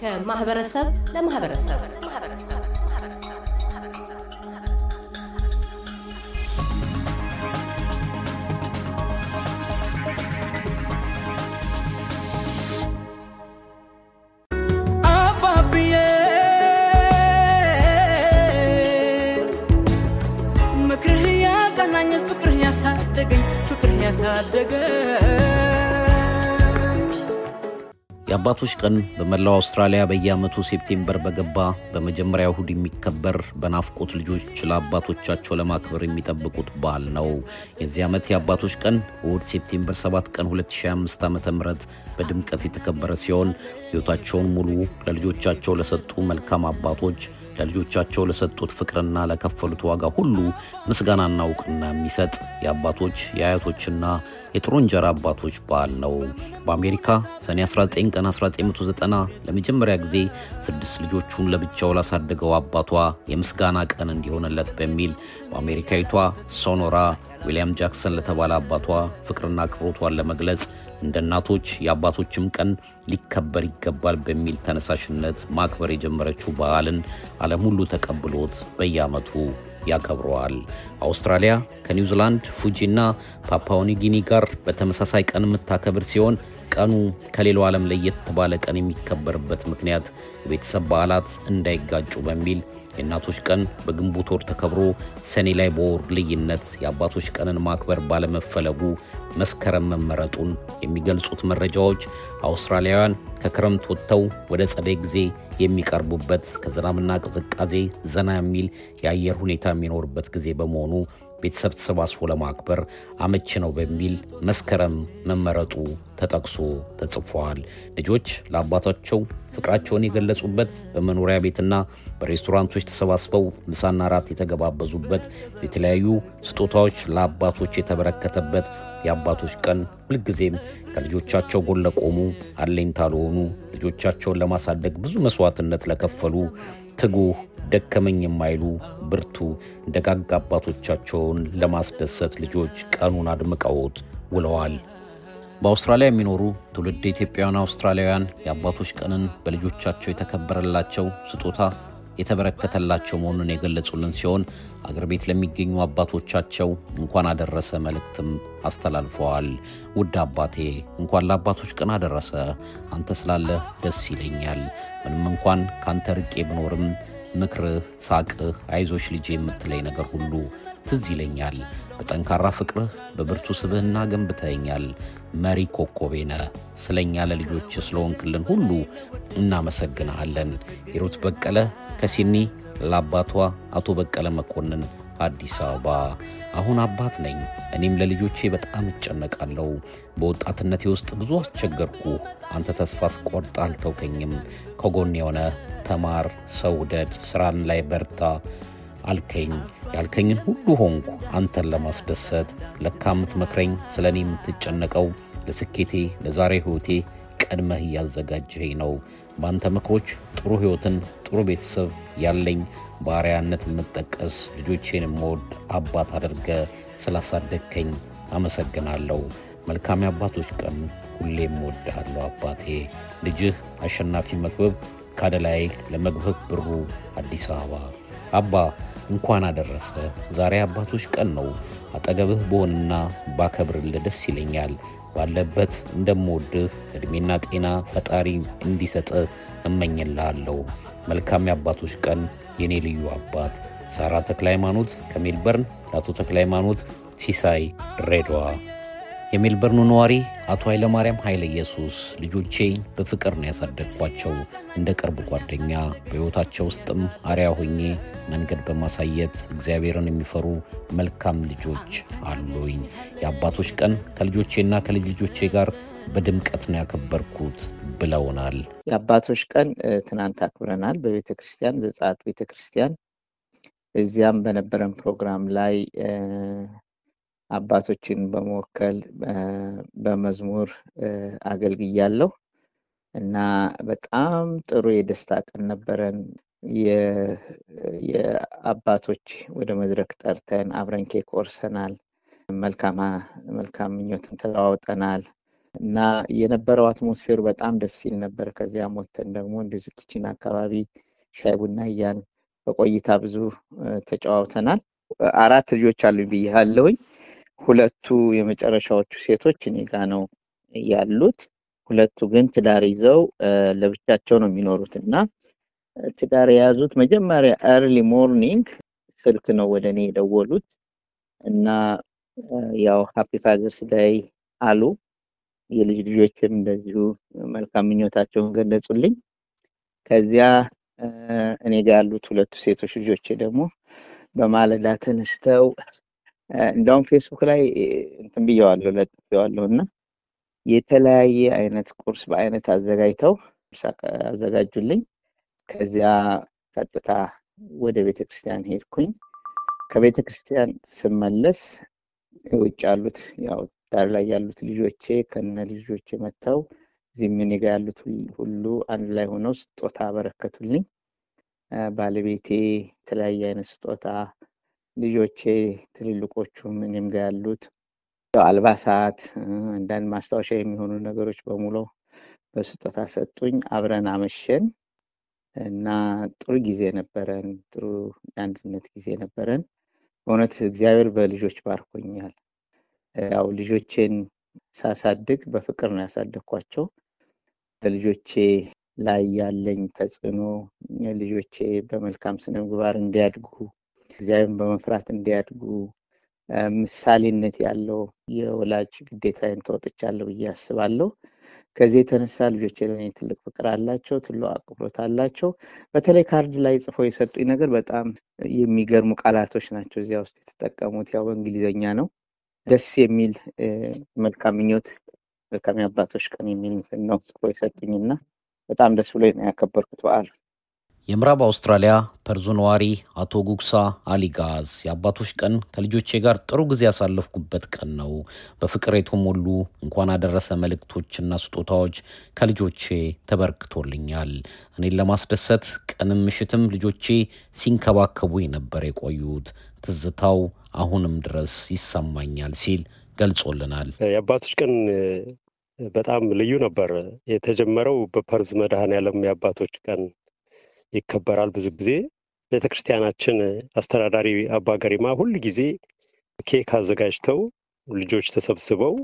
ከማህበረሰብ ለማህበረሰብ የአባቶች ቀን በመላው አውስትራሊያ በየዓመቱ ሴፕቴምበር በገባ በመጀመሪያ እሁድ የሚከበር በናፍቆት ልጆች ለአባቶቻቸው ለማክበር የሚጠብቁት በዓል ነው። የዚህ ዓመት የአባቶች ቀን እሁድ ሴፕቴምበር 7 ቀን 2025 ዓ.ም በድምቀት የተከበረ ሲሆን ሕይወታቸውን ሙሉ ለልጆቻቸው ለሰጡ መልካም አባቶች ለልጆቻቸው ለሰጡት ፍቅርና ለከፈሉት ዋጋ ሁሉ ምስጋናና እውቅና የሚሰጥ የአባቶች የአያቶችና የጥሩ እንጀራ አባቶች በዓል ነው። በአሜሪካ ሰኔ 19 ቀን 1990 ለመጀመሪያ ጊዜ ስድስት ልጆቹን ለብቻው ላሳደገው አባቷ የምስጋና ቀን እንዲሆንለት በሚል በአሜሪካዊቷ ሶኖራ ዊልያም ጃክሰን ለተባለ አባቷ ፍቅርና አክብሮቷን ለመግለጽ እንደ እናቶች የአባቶችም ቀን ሊከበር ይገባል በሚል ተነሳሽነት ማክበር የጀመረችው በዓልን ዓለም ሁሉ ተቀብሎት በየዓመቱ ያከብረዋል። አውስትራሊያ ከኒውዚላንድ ፉጂና ፓፓውኒጊኒ ጋር በተመሳሳይ ቀን የምታከብር ሲሆን ቀኑ ከሌላው ዓለም ለየት ባለ ቀን የሚከበርበት ምክንያት የቤተሰብ በዓላት እንዳይጋጩ በሚል የእናቶች ቀን በግንቦት ወር ተከብሮ ሰኔ ላይ በወር ልዩነት የአባቶች ቀንን ማክበር ባለመፈለጉ መስከረም መመረጡን የሚገልጹት መረጃዎች አውስትራሊያውያን ከክረምት ወጥተው ወደ ጸደይ ጊዜ የሚቀርቡበት ከዝናብና ቅዝቃዜ ዘና የሚል የአየር ሁኔታ የሚኖርበት ጊዜ በመሆኑ ቤተሰብ ተሰባስቦ ለማክበር አመች ነው በሚል መስከረም መመረጡ ተጠቅሶ ተጽፏል። ልጆች ለአባታቸው ፍቅራቸውን የገለጹበት በመኖሪያ ቤትና በሬስቶራንቶች ተሰባስበው ምሳና ራት የተገባበዙበት የተለያዩ ስጦታዎች ለአባቶች የተበረከተበት የአባቶች ቀን ሁልጊዜም ከልጆቻቸው ጎን ለቆሙ አለኝታ ለሆኑ ልጆቻቸውን ለማሳደግ ብዙ መስዋዕትነት ለከፈሉ ትጉህ ደከመኝ የማይሉ ብርቱ ደጋግ አባቶቻቸውን ለማስደሰት ልጆች ቀኑን አድምቀውት ውለዋል። በአውስትራሊያ የሚኖሩ ትውልድ ኢትዮጵያውያን አውስትራሊያውያን የአባቶች ቀንን በልጆቻቸው የተከበረላቸው ስጦታ የተበረከተላቸው መሆኑን የገለጹልን ሲሆን አገር ቤት ለሚገኙ አባቶቻቸው እንኳን አደረሰ መልእክትም አስተላልፈዋል። ውድ አባቴ እንኳን ለአባቶች ቀን አደረሰ። አንተ ስላለህ ደስ ይለኛል። ምንም እንኳን ካንተ ርቄ ብኖርም ምክርህ፣ ሳቅህ፣ አይዞች ልጄ የምትለይ ነገር ሁሉ ትዝ ይለኛል። በጠንካራ ፍቅርህ በብርቱ ስብህና ገንብተኛል። መሪ ኮከቤነ ስለኛ ለልጆች ስለሆንክልን ሁሉ እናመሰግንሃለን። ሂሩት በቀለ ከሲኒ ለአባቷ አቶ በቀለ መኮንን አዲስ አበባ አሁን አባት ነኝ። እኔም ለልጆቼ በጣም እጨነቃለሁ። በወጣትነቴ ውስጥ ብዙ አስቸገርኩ። አንተ ተስፋ ስቆርጥ አልተውከኝም። ከጎን የሆነ ተማር፣ ሰውደድ ስራን ላይ በርታ አልከኝ። ያልከኝን ሁሉ ሆንኩ አንተን ለማስደሰት። ለካ የምትመክረኝ፣ ስለ እኔ የምትጨነቀው፣ ለስኬቴ፣ ለዛሬ ህይወቴ ቀድመህ እያዘጋጀኸኝ ነው። በአንተ ምክሮች ጥሩ ህይወትን ጥሩ ቤተሰብ ያለኝ ባሪያነት የምጠቀስ ልጆቼን የምወድ አባት አድርገ ስላሳደግከኝ አመሰግናለሁ። መልካም አባቶች ቀን ሁሌም እወድሃለሁ አባቴ። ልጅህ አሸናፊ መክበብ ካደላይ ለመግበብ ብሩ አዲስ አበባ። አባ እንኳን አደረሰ። ዛሬ አባቶች ቀን ነው። አጠገብህ በሆንና ባከብርልህ ደስ ይለኛል። ባለበት እንደምወድህ እድሜና ጤና ፈጣሪ እንዲሰጥህ እመኝልሃለሁ። መልካም የአባቶች ቀን የኔ ልዩ አባት ሳራ ተክለ ሃይማኖት ከሜልበርን ለአቶ ተክለ ሃይማኖት ሲሳይ ድሬዳዋ የሜልበርኑ ነዋሪ አቶ ኃይለማርያም ኃይለ ኢየሱስ ልጆቼ በፍቅር ነው ያሳደግኳቸው። እንደ ቅርብ ጓደኛ በሕይወታቸው ውስጥም አርያ ሆኜ መንገድ በማሳየት እግዚአብሔርን የሚፈሩ መልካም ልጆች አሉኝ። የአባቶች ቀን ከልጆቼና ከልጅ ልጆቼ ጋር በድምቀት ነው ያከበርኩት ብለውናል። የአባቶች ቀን ትናንት አክብረናል በቤተ ክርስቲያን ዘጸአት ቤተ ክርስቲያን። እዚያም በነበረን ፕሮግራም ላይ አባቶችን በመወከል በመዝሙር አገልግያለሁ እና በጣም ጥሩ የደስታ ቀን ነበረን። የአባቶች ወደ መድረክ ጠርተን አብረን ኬክ ቆርሰናል። መልካም ምኞትን ተለዋውጠናል እና የነበረው አትሞስፌር በጣም ደስ ሲል ነበር። ከዚያም ወጥተን ደግሞ እንደዚ ኪችን አካባቢ ሻይ ቡና እያልን በቆይታ ብዙ ተጨዋውተናል። አራት ልጆች አሉኝ ብያለሁኝ። ሁለቱ የመጨረሻዎቹ ሴቶች እኔ ጋ ነው ያሉት። ሁለቱ ግን ትዳር ይዘው ለብቻቸው ነው የሚኖሩት እና ትዳር የያዙት መጀመሪያ ኤርሊ ሞርኒንግ ስልክ ነው ወደ እኔ የደወሉት እና ያው ሀፒ ፋዘርስ ላይ አሉ። የልጅ ልጆችም እንደዚሁ መልካም ምኞታቸውን ገለጹልኝ። ከዚያ እኔ ጋር ያሉት ሁለቱ ሴቶች ልጆቼ ደግሞ በማለዳ ተነስተው እንደውም ፌስቡክ ላይ እንትን ብየዋለሁ ለጥፌዋለሁ እና የተለያየ አይነት ቁርስ በአይነት አዘጋጅተው አዘጋጁልኝ። ከዚያ ቀጥታ ወደ ቤተ ክርስቲያን ሄድኩኝ። ከቤተ ክርስቲያን ስመለስ ውጭ ያሉት ያው ዳር ላይ ያሉት ልጆቼ ከነ ልጆቼ መጥተው እዚህ እኔ ጋ ያሉት ሁሉ አንድ ላይ ሆነው ስጦታ አበረከቱልኝ። ባለቤቴ የተለያየ አይነት ስጦታ ልጆቼ ትልልቆቹም ምንም ጋር ያሉት አልባሳት፣ አንዳንድ ማስታወሻ የሚሆኑ ነገሮች በሙሉ በስጦታ ሰጡኝ። አብረን አመሸን እና ጥሩ ጊዜ ነበረን። ጥሩ የአንድነት ጊዜ ነበረን። በእውነት እግዚአብሔር በልጆች ባርኮኛል። ያው ልጆቼን ሳሳድግ በፍቅር ነው ያሳደግኳቸው። በልጆቼ ላይ ያለኝ ተጽዕኖ ልጆቼ በመልካም ስነ ምግባር እንዲያድጉ እግዚአብሔርን በመፍራት እንዲያድጉ ምሳሌነት ያለው የወላጅ ግዴታዬን ተወጥቻለሁ ብዬ አስባለሁ። ከዚህ የተነሳ ልጆች ለእኔ ትልቅ ፍቅር አላቸው፣ ትልቅ አክብሮት አላቸው። በተለይ ካርድ ላይ ጽፈው የሰጡኝ ነገር በጣም የሚገርሙ ቃላቶች ናቸው እዚያ ውስጥ የተጠቀሙት። ያው በእንግሊዝኛ ነው። ደስ የሚል መልካም ምኞት፣ መልካም አባቶች ቀን የሚል ነው ጽፎ የሰጡኝ እና በጣም ደስ ብሎ ነው ያከበርኩት በዓሉ። የምዕራብ አውስትራሊያ ፐርዙ ነዋሪ አቶ ጉግሳ አሊጋዝ የአባቶች ቀን ከልጆቼ ጋር ጥሩ ጊዜ ያሳለፍኩበት ቀን ነው። በፍቅር የተሞሉ እንኳን አደረሰ መልእክቶችና ስጦታዎች ከልጆቼ ተበርክቶልኛል። እኔን ለማስደሰት ቀንም ምሽትም ልጆቼ ሲንከባከቡ ነበር የቆዩት። ትዝታው አሁንም ድረስ ይሰማኛል ሲል ገልጾልናል። የአባቶች ቀን በጣም ልዩ ነበር። የተጀመረው በፐርዝ መድሃን ዓለም የአባቶች ቀን ይከበራል። ብዙ ጊዜ ቤተክርስቲያናችን አስተዳዳሪ አባ ገሪማ ሁል ጊዜ ኬክ አዘጋጅተው ልጆች ተሰብስበው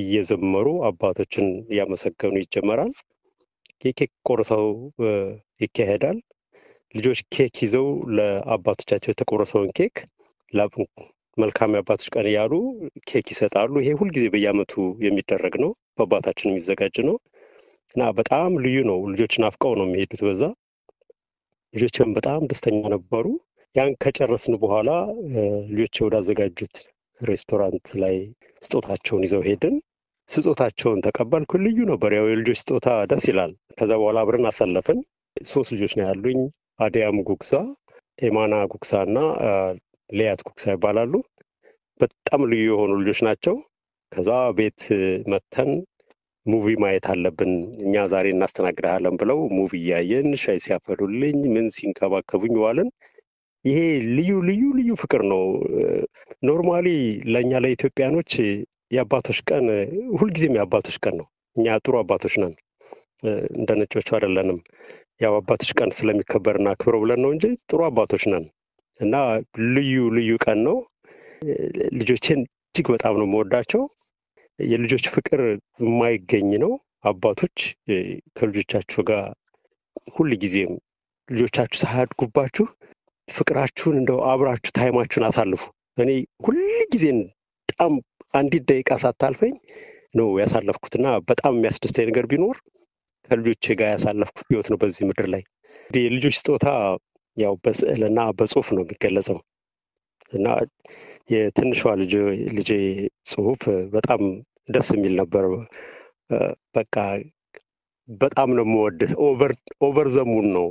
እየዘመሩ አባቶችን እያመሰገኑ ይጀመራል። የኬክ ቆርሰው ይካሄዳል። ልጆች ኬክ ይዘው ለአባቶቻቸው የተቆረሰውን ኬክ መልካም አባቶች ቀን እያሉ ኬክ ይሰጣሉ። ይሄ ሁልጊዜ በየዓመቱ የሚደረግ ነው። በአባታችን የሚዘጋጅ ነው እና በጣም ልዩ ነው። ልጆች ናፍቀው ነው የሚሄዱት በዛ ልጆችን በጣም ደስተኛ ነበሩ። ያን ከጨረስን በኋላ ልጆች ወዳዘጋጁት ሬስቶራንት ላይ ስጦታቸውን ይዘው ሄድን። ስጦታቸውን ተቀበልኩ። ልዩ ነበር። ያው የልጆች ስጦታ ደስ ይላል። ከዛ በኋላ አብረን አሳለፍን። ሶስት ልጆች ነው ያሉኝ። አዲያም ጉግሳ፣ ኤማና ጉግሳ እና ሌያት ጉግሳ ይባላሉ። በጣም ልዩ የሆኑ ልጆች ናቸው። ከዛ ቤት መተን ሙቪ ማየት አለብን እኛ ዛሬ እናስተናግድሃለን ብለው ሙቪ እያየን ሻይ ሲያፈሉልኝ ምን ሲንከባከቡኝ ዋለን። ይሄ ልዩ ልዩ ልዩ ፍቅር ነው። ኖርማሊ ለእኛ ለኢትዮጵያኖች የአባቶች ቀን ሁልጊዜም የአባቶች ቀን ነው። እኛ ጥሩ አባቶች ነን፣ እንደ ነጮቹ አይደለንም። ያው አባቶች ቀን ስለሚከበርና ክብረ ብለን ነው እንጂ ጥሩ አባቶች ነን እና ልዩ ልዩ ቀን ነው። ልጆቼን እጅግ በጣም ነው የምወዳቸው። የልጆች ፍቅር የማይገኝ ነው። አባቶች ከልጆቻችሁ ጋር ሁል ጊዜም ልጆቻችሁ ሳያድጉባችሁ ፍቅራችሁን እንደው አብራችሁ ታይማችሁን አሳልፉ። እኔ ሁል ጊዜ በጣም አንዲት ደቂቃ ሳታልፈኝ ነው ያሳለፍኩትና በጣም የሚያስደስተኝ ነገር ቢኖር ከልጆቼ ጋር ያሳለፍኩት ህይወት ነው። በዚህ ምድር ላይ እንግዲህ የልጆች ስጦታ ያው በስዕልና በጽሁፍ ነው የሚገለጸው እና የትንሿ ልጄ ጽሁፍ በጣም ደስ የሚል ነበር። በቃ በጣም ነው የምወድህ። ኦቨር ዘሙን ነው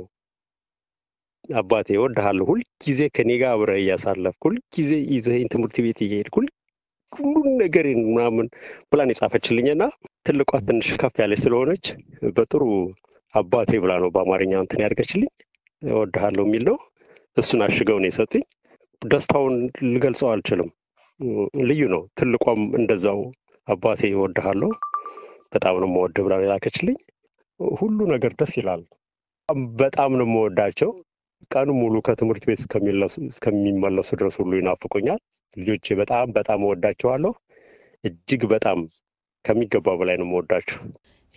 አባቴ እወድሃለሁ። ሁልጊዜ ከኔ ጋር አብረህ እያሳለፍክ፣ ሁልጊዜ ይዘኸኝ ትምህርት ቤት እየሄድ ሁሉን ነገር ምናምን ብላን የጻፈችልኝና ትልቋ ትንሽ ከፍ ያለች ስለሆነች በጥሩ አባቴ ብላ ነው በአማርኛ እንትን ያደርገችልኝ። እወድሃለሁ የሚል ነው። እሱን አሽገው ነው የሰጡኝ። ደስታውን ልገልጸው አልችልም። ልዩ ነው። ትልቋም እንደዛው አባቴ ይወድሃለሁ በጣም ነው መወድ ብላ የላከችልኝ ሁሉ ነገር ደስ ይላል። በጣም ነው መወዳቸው ቀኑ ሙሉ ከትምህርት ቤት እስከሚመለሱ ድረስ ሁሉ ይናፍቁኛል። ልጆቼ በጣም በጣም እወዳቸዋለሁ። እጅግ በጣም ከሚገባ በላይ ነው መወዳችሁ።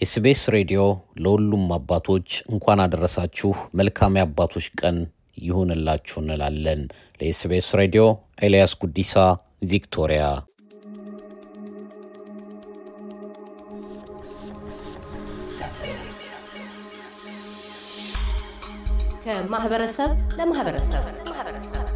ኤስቤስ ሬዲዮ ለሁሉም አባቶች እንኳን አደረሳችሁ። መልካም አባቶች ቀን ይሁንላችሁ እንላለን። ለኤስቤስ ሬዲዮ ኤልያስ ጉዲሳ ቪክቶሪያ ከማህበረሰብ ለማህበረሰብ